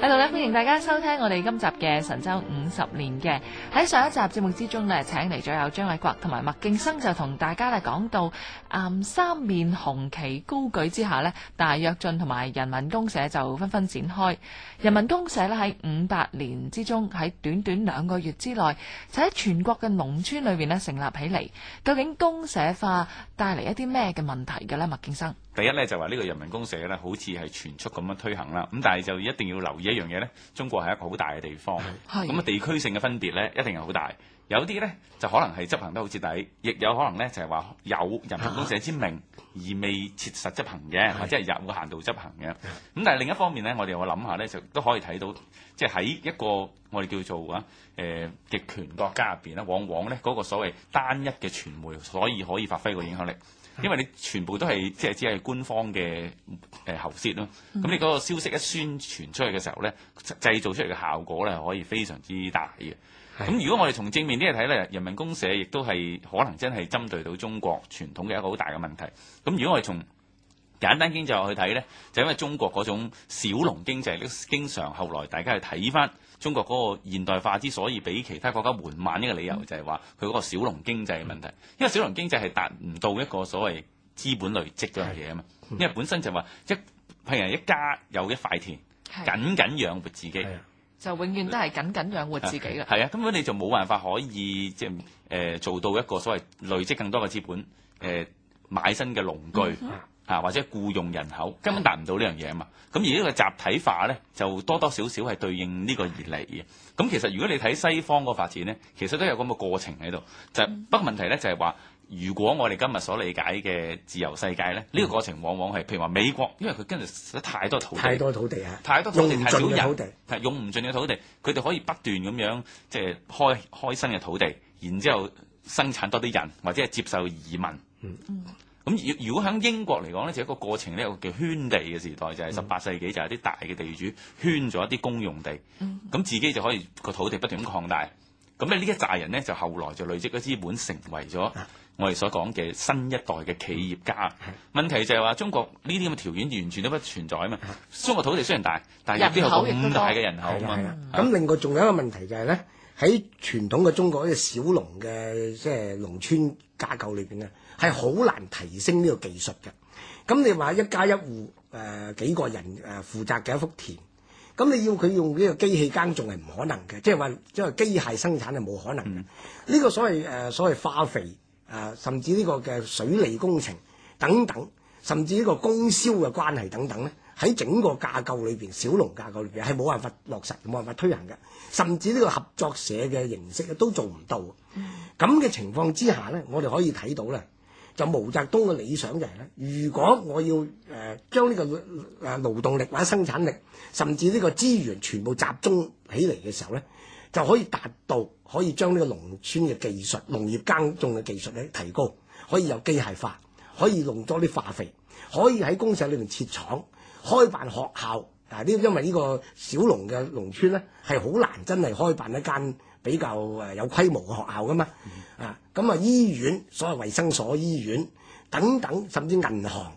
喺度咧，歡迎大家收聽我哋今集嘅《神州五十年》嘅。喺上一集節目之中呢，請嚟咗有張偉國同埋麥敬生，就同大家咧講到，嗯，三面紅旗高舉之下呢，大躍進同埋人民公社就紛紛展開。人民公社咧喺五八年之中，喺短短兩個月之內就喺全國嘅農村裏面咧成立起嚟。究竟公社化帶嚟一啲咩嘅問題嘅呢？麥敬生。第一咧就話呢個人民公社咧，好似係全速咁樣推行啦。咁但係就一定要留意一樣嘢咧，中國係一個好大嘅地方，咁啊地區性嘅分別咧，一定係好大。有啲咧就可能係執行得好徹底，亦有可能咧就係、是、話有人民公社之名而未切實執行嘅、啊，或者入個行度執行嘅。咁但係另一方面咧，我哋我諗下咧，就都可以睇到，即係喺一個我哋叫做啊誒極權國家入面，咧，往往咧嗰、那個所謂單一嘅傳媒，所以可以發揮個影響力，因為你全部都係即係只係官方嘅、呃、喉舌咯。咁你嗰個消息一宣傳出去嘅時候咧，製造出嚟嘅效果咧，可以非常之大嘅。咁如果我哋從正面啲嚟睇咧，人民公社亦都係可能真係針對到中國傳統嘅一個好大嘅問題。咁如果我哋從簡單經濟去睇咧，就因為中國嗰種小農經濟，咧，經常後來大家去睇翻中國嗰個現代化之所以比其他國家緩慢嘅一個理由，嗯、就係話佢嗰個小農經濟嘅問題、嗯。因為小農經濟係達唔到一個所謂資本累積嗰樣嘢啊嘛。因為本身就話一譬如一家有一塊田，僅僅養活自己。就永遠都係僅僅養活自己嘅，係啊，根本、啊、你就冇辦法可以即係誒做到一個所謂累積更多嘅資本，誒、呃、買新嘅農具、嗯、啊，或者僱用人口，根本達唔到呢樣嘢啊嘛。咁、嗯、而呢個集體化咧，就多多少少係對應呢個而嚟嘅。咁、嗯、其實如果你睇西方個發展咧，其實都有咁嘅過程喺度，就不、是、過、嗯、問題咧就係、是、話。如果我哋今日所理解嘅自由世界咧，呢、嗯呢個過程往往係，譬如話美國，因為佢跟住得太多土地，太多土地啊，太多土地，用唔盡嘅土地，係用唔盡嘅土地，佢哋可以不斷咁樣，即係開開新嘅土地，然之後生產多啲人，或者係接受移民。嗯咁如如果喺英國嚟講咧，就、這、一個過程咧，叫圈地嘅時代，就係十八世紀就係啲大嘅地主圈咗一啲公用地，咁、嗯、自己就可以、這個土地不斷咁擴大。咁咧呢一紮人呢，就後來就累積咗資本，成為咗我哋所講嘅新一代嘅企業家。問題就係話中國呢啲咁嘅條件完全都不存在啊嘛。中國土地雖然大，但入邊有咁大嘅人口啊嘛。咁另外仲有一個問題就係咧，喺傳統嘅中國個小農嘅即係農村架構裏面呢，呢係好難提升呢個技術嘅。咁你話一家一戶誒、呃、幾個人誒負責嘅一幅田？咁你要佢用呢個機器耕種係唔可能嘅，即係話即係機械生產係冇可能嘅。呢個所謂、呃、所謂化肥、呃、甚至呢個嘅水利工程等等，甚至呢個供銷嘅關係等等咧，喺整個架構裏邊，小農架構裏邊係冇辦法落實，冇辦法推行嘅。甚至呢個合作社嘅形式咧都做唔到。咁嘅情況之下咧，我哋可以睇到啦。有毛澤東嘅理想就係咧，如果我要誒、呃、將呢個誒勞動力或者生產力，甚至呢個資源全部集中起嚟嘅時候咧，就可以達到可以將呢個農村嘅技術、農業耕種嘅技術咧提高，可以有機械化，可以用多啲化肥，可以喺公社裏面設廠、開辦學校。嗱，呢因為呢個小農嘅農村咧，係好難真係開辦一間比較誒有規模嘅學校噶嘛，嗯，啊，咁啊醫院，所謂衛生所、醫院等等，甚至銀行，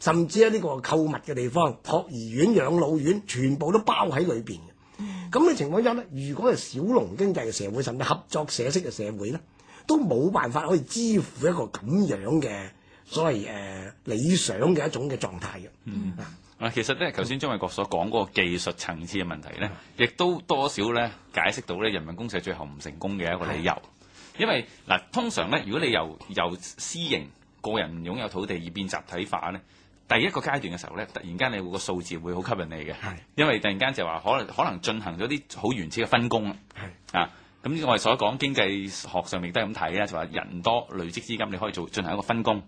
甚至喺呢個購物嘅地方、託兒院、養老院，全部都包喺裏邊嘅。咁、嗯、嘅情況下咧，如果係小農經濟嘅社會，甚至合作社式嘅社會咧，都冇辦法可以支付一個咁樣嘅。所謂誒、呃、理想嘅一種嘅狀態嘅嗱，啊、嗯嗯，其實咧，頭先張衛國所講嗰個技術層次嘅問題咧，亦、嗯、都多少咧解釋到咧人民公社最後唔成功嘅一個理由，嗯、因為嗱、啊，通常咧，如果你由由私營個人擁有土地而變集體化咧，第一個階段嘅時候咧，突然間你會個數字會好吸引你嘅、嗯，因為突然間就話可能可能進行咗啲好原始嘅分工啦、嗯，啊，咁我哋所講經濟學上面都係咁睇啦，就話、是、人多累積資金你可以做進行一個分工。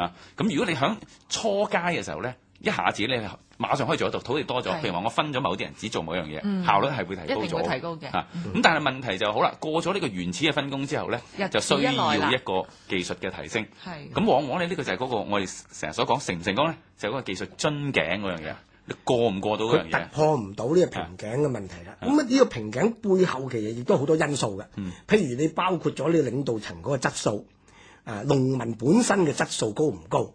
啊！咁如果你喺初階嘅時候咧，一下子咧馬上可以做得到，土地多咗，譬如話我分咗某啲人只做某樣樣嘢、嗯，效率係會提高咗。一定會提高嘅。咁、啊嗯嗯、但係問題就係、好啦，過咗呢個原始嘅分工之後咧，就需要一個技術嘅提升。係。咁、啊、往往咧呢個就係嗰、嗰個我哋成日所講成唔成功咧，就係、係、嗰個技術樽頸嗰樣嘢。你過唔過到嗰樣嘢？佢突破唔到呢個瓶頸嘅問題啦。咁啊呢、啊、個瓶頸背後其實亦都好多因素嘅、嗯。譬如你包括咗你領導層嗰個質素。誒農民本身嘅質素高唔高？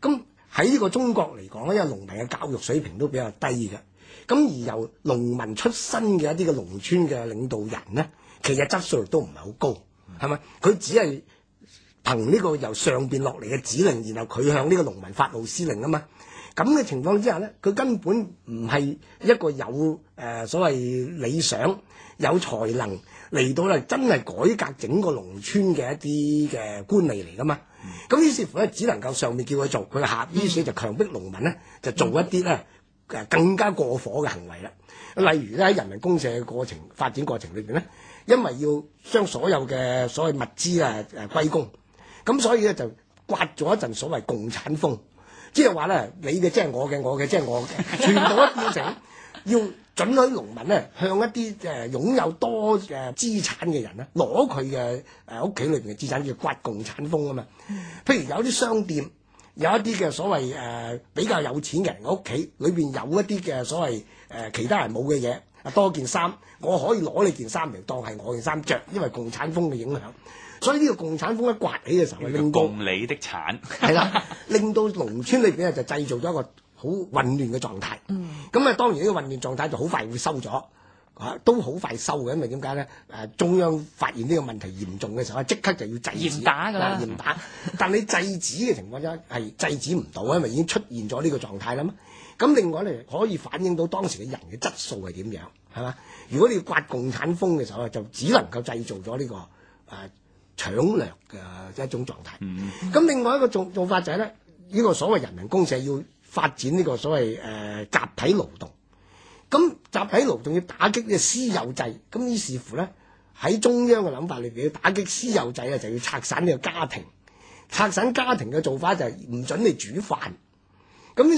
咁喺呢個中國嚟講呢，因為農民嘅教育水平都比較低嘅。咁而由農民出身嘅一啲嘅農村嘅領導人呢，其實質素都唔係好高，係咪？佢只係憑呢個由上面落嚟嘅指令，然後佢向呢個農民發號施令啊嘛。咁嘅情況之下呢，佢根本唔係一個有誒、呃、所謂理想、有才能嚟到咧，真係改革整個農村嘅一啲嘅官吏嚟噶嘛。咁、嗯、於是乎咧，只能夠上面叫佢做佢下，於是就強迫農民呢就做一啲咧誒更加過火嘅行為啦。例如咧，喺人民公社嘅過程發展過程裏邊呢，因為要將所有嘅所謂物資啊誒歸公，咁所以咧就刮咗一陣所謂共產風。即係話咧，你嘅即係我嘅，我嘅即係我嘅， 全部一變成要准許農民咧向一啲誒擁有多誒資產嘅人咧攞佢嘅誒屋企裏邊嘅資產，叫刮共產風啊嘛！譬如有啲商店，有一啲嘅所謂誒比較有錢嘅人嘅屋企裏邊有一啲嘅所謂誒其他人冇嘅嘢。多件衫，我可以攞你件衫嚟當係我件衫着，因為共產風嘅影響。所以呢個共產風一刮起嘅時候，令、那個、共你的產係啦， 令到農村裏邊啊就製造咗一個好混亂嘅狀態。咁啊，當然呢個混亂狀態就好快會收咗嚇、啊，都好快收嘅，因為點解咧？誒、啊，中央發現呢個問題嚴重嘅時候，即刻就要制止。嚴打㗎啦！嚴打。但你制止嘅情況下，係 制止唔到，因為已經出現咗呢個狀態啦嘛。咁另外咧可以反映到當時嘅人嘅質素係點樣，係嘛？如果你要刮共產風嘅時候咧，就只能夠製造咗呢、呢個誒、呃、搶掠嘅一種狀態。咁、嗯、另外一個做做法就係咧，呢、呢個所謂人民公社要發展呢個所謂誒、呃、集體勞動，咁集體勞動要打擊呢個私有制，咁於是乎咧喺中央嘅諗法裏面，要打擊私有制啊，就要拆散呢個家庭，拆散家庭嘅做法就係唔准你煮飯。